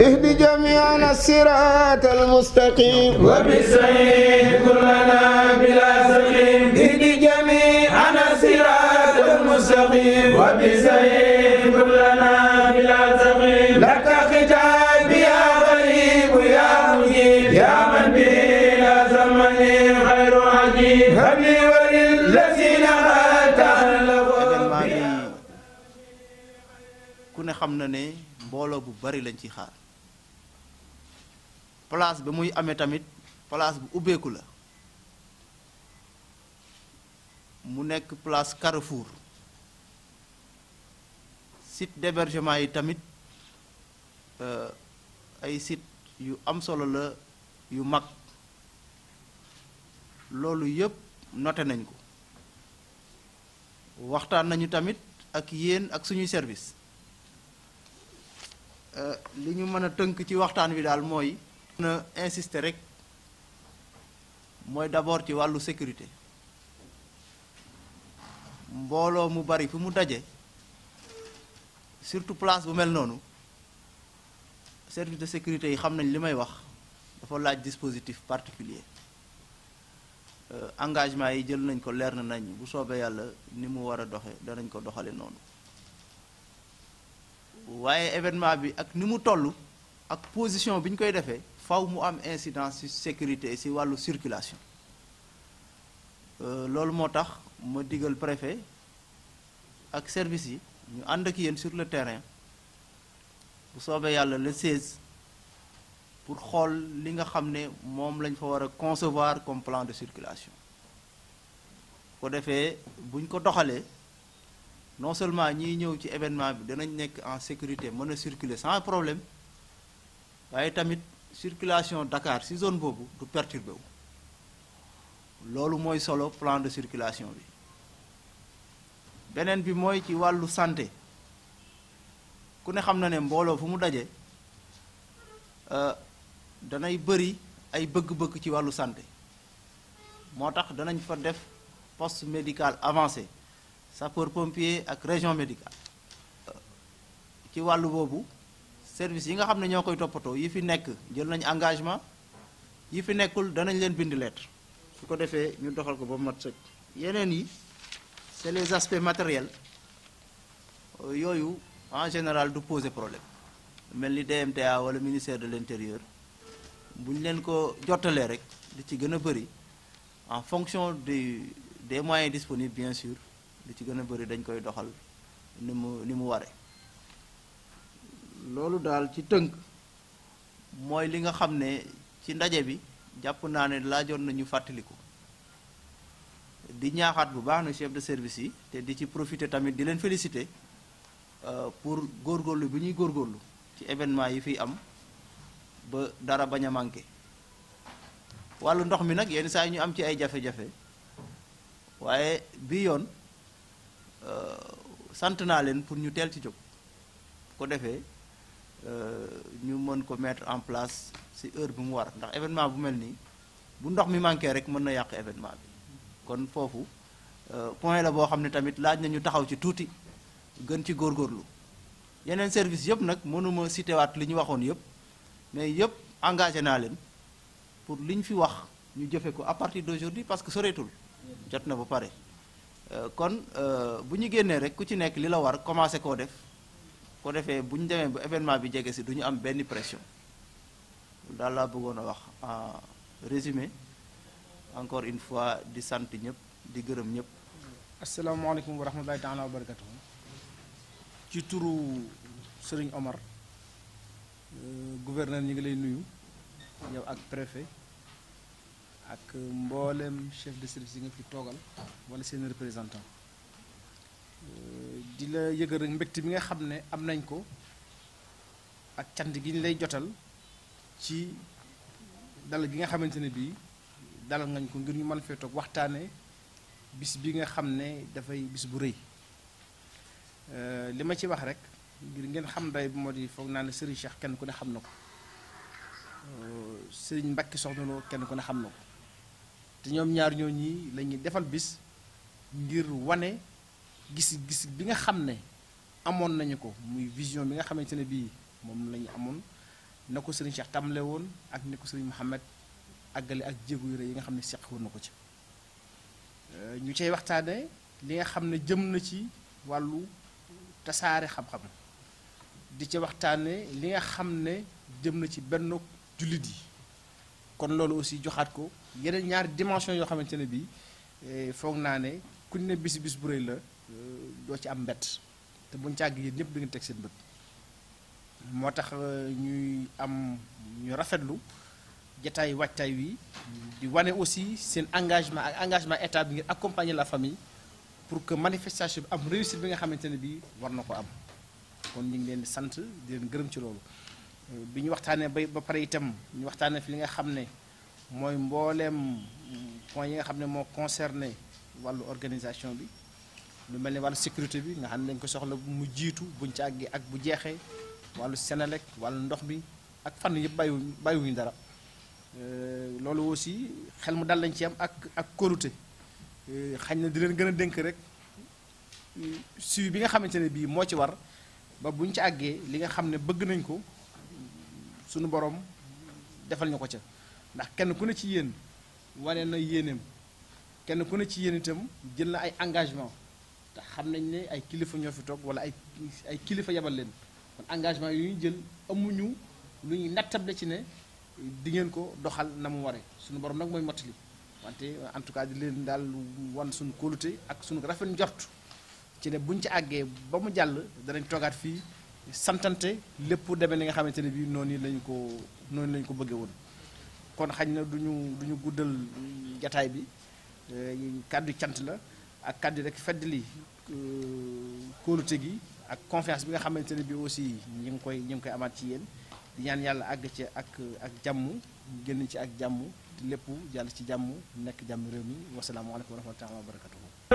اهد جميعنا الصراط المستقيم وبالسيف كلنا بلا سقيم اهد جميعنا الصراط المستقيم وبالسيف كلنا بلا سقيم لك خجاب يا غريب يا مجيب يا من بلا زمن غير عجيب هبي وللذين تخلفوا ku ne xam na ne mbooloo bu bari lañ ci xaar place bi muy amee tamit place bu ubbeeku la mu nekk place Carrefour site d'hébergement yi tamit euh, ay sit yu am solo la yu mag loolu yëpp noté nañ ko waxtaan nañu tamit ak yéen ak suñuy service euh, li ñu mën a tënk ci waxtaan wi daal mooy na insister rek mooy d'abord ci wàllu sécurité mbooloo mu bari fu mu daje surtout place bu mel noonu service de sécurité yi xam nañ li may wax dafa laaj dispositif particulier euh, engagement yi jël nañ ko leer na nañ bu soobee yàlla ni mu war a doxe danañ ko doxale noonu waaye événement bi ak ni mu toll ak position bi ñu koy defee faw mu am incidence ci sécurité si wàllu circulation euh, loolu moo tax ma digal préfet ak service yi ñu ànd ak yéen sur le terrain bu soobee yàlla le 16 pour xool li nga xam ne moom lañ fa war a concevoir comme plan de circulation ko defee buñ ko doxalee non seulement ñiy ñëw ci événement bi danañ nekk en sécurité mën a circuler sans problème waaye tamit circulation Dakar ci zone boobu du perturbé wu loolu mooy solo plan de circulation bi beneen bi mooy ci wàllu santé ku ne xam na ne mbooloo fu mu daje euh, danay bëri ay bëgg-bëgg ci wàllu sante moo tax danañ fa def post médical avancé sapeur pompier ak région médicale euh, ci wàllu boobu service yi nga xam ne ñoo koy toppatoo yi fi nekk jël nañu engagement yi fi nekkul danañ leen bind lettre su ko defee ñu doxal ko ba mu mat sëkk yeneen yi c'est les aspects matériels euh, yooyu en général du poser problème mel ni DMTA wala ministère de l'intérieur bu ñu leen ko jottalee rek di ci gën a bëri en fonction de des moyens disponibles bien sur li ci gën a bëri dañ koy doxal ni mu ni mu waree. loolu daal ci tënk mooy li nga xam ne ci ndaje bi jàpp naa ne laajoon nañu fàttaliku di ñaaxaat bu baax na chef de service yi te di ci profité tamit di leen féliciter euh, pour góorgóorlu bi ñuy góor góorlu ci événement yi fiy am ba dara bañ a manqué wàllu ndox mi nag yenn saa yi ñu am ci ay jafe-jafe waaye bi yoon euh, sant naa leen pour ñu teel ci jóg ko defee Euh, ñu mën ko mettre en place ci heure bi mu war ndax événement bu mel nii bu ndox mi manqué rek mën na yàq événement bi kon foofu euh, point la boo xam ne tamit laaj na ñu taxaw ci tuuti gën ci góor góorlu yeneen service yëpp nag mënuma cité waat li ñu waxoon yëpp mais yëpp engagé naa leen pour li ñu fi wax ñu jëfe ko à partir d'aujourd'hui parce que soreetul jot na ba pare euh, kon bu ñu génnee rek ku ci nekk li la war commencé koo def ko defee bu ñu demee ba événement bi jege si du ñu am benn pression daal laa bëggoon a wax en résumé encore une fois di sant ñëpp di gërëm ñëpp. asalaamaaleykum wa rahmatulahi taala wa barakatu ci turu Serigne Omar euh, gouverneur ñu ngi lay nuyu yow ak préfet ak mboolem chef de service yi nga fi toogal wala seen représentant. Euh, di la yëgal rek mbégte bi nga xam ne am nañ ko ak cant gi ñu lay jotal ci dalal gi nga xamante ne bii dalal ngañ ko ngir ñu man fee toog waxtaane bis bi nga xam ne dafay bis bu rëy euh, li ma ci wax rek ngir ngeen xam day bi moo di foog naa ne Serigne Cheikh kenn ku ne xam na ko euh, sëriñ mbakki Soxna Lo kenn ku ne xam na ko te ñoom ñaar ñoo ñii defal bis ngir wane gis gis bi nga xam ne amoon nañu ko muy vision bi nga xamante ne bii moom la ñu amoon na ko sëriñ Cheikh tamle woon ak ni ko sëriñ Mouhamed àggale ak jéego yu rëy yi nga xam ne seq woon na ko ci euh, ñu cay waxtaane li nga xam ne jëm na ci wàllu tasaare xam di ca waxtaane li nga xam ne jëm na ci benn jullit yi kon loolu aussi joxaat ko yeneen ñaari dimension yoo xamante ne bii euh, foog naa ne kuñ ne bis bis bu rëy la doo ci am mbett te buñ càgg yéen ñëpp di ngeen teg seen bët moo tax euh, ñuy am ñu rafetlu jataay wàccaay wi di wane aussi seen engagement ak engagement état bi ngir accompagner la famille pour que manifestation bi am réussite bi nga xamante ne bii war na ko am kon ñu ngi leen di sant di leen gërëm ci loolu euh, bi ñu waxtaanee ba ba pare itam ñu waxtaanee fi li nga xam ne mooy mbooleem mm, point yi nga xam ne moo concerné wàllu organisation bi lu mel ni wàllu sécurité bi nga xam ne dañ ko soxla mu jiitu buñ ci àggi ak bu jeexee wàllu Senelec wàllu ndox mi ak fànn yëpp bàyyiwu bàyyiwuñu dara euh, loolu aussi xel mu dal lañ ci am ak ak kóolute euh, xañ na di leen gën a dénk rek suivi bi nga xamante ne bii moo ci war ba buñ ci àggee li nga xam ne bëgg nañ ko suñu borom defal ñu ko ca ndax kenn ku ne ci yéen wane na yéeneem kenn ku ne ci yéen itam jël na ay engagement xam nañ ne ay kilifa ñoo fi toog wala ay ay kilifa yabal leen kon engagement yu ñu jël amuñu lu ñuy nattable ci ne di ngeen ko doxal na mu waree suñu borom nag mooy mottali wante en tout cas di leen daal wan suñu kóolute ak suñu rafet njort ci ne buñ ci àggee ba mu jàll danañ toogaat fii santante lépp demee ni nga xamante ne bii noonu lañ ko noonu lañ ko bëggee woon. kon xañ na duñu duñu guddal jataay bi eh, kàddu cant la. ak kàddu rek feddali euh, kóolute gi ak confiance bi nga xamante ne bi aussi ñu ngi koy ñu ngi koy amaat ci yéen di ñaan yàlla àgg ci ak ak jàmm génn ci ak jàmm te lépp jàll ci jàmm nekk jàmm réew mi wasalaamualeykum wa rahmatulah wa barakatuhu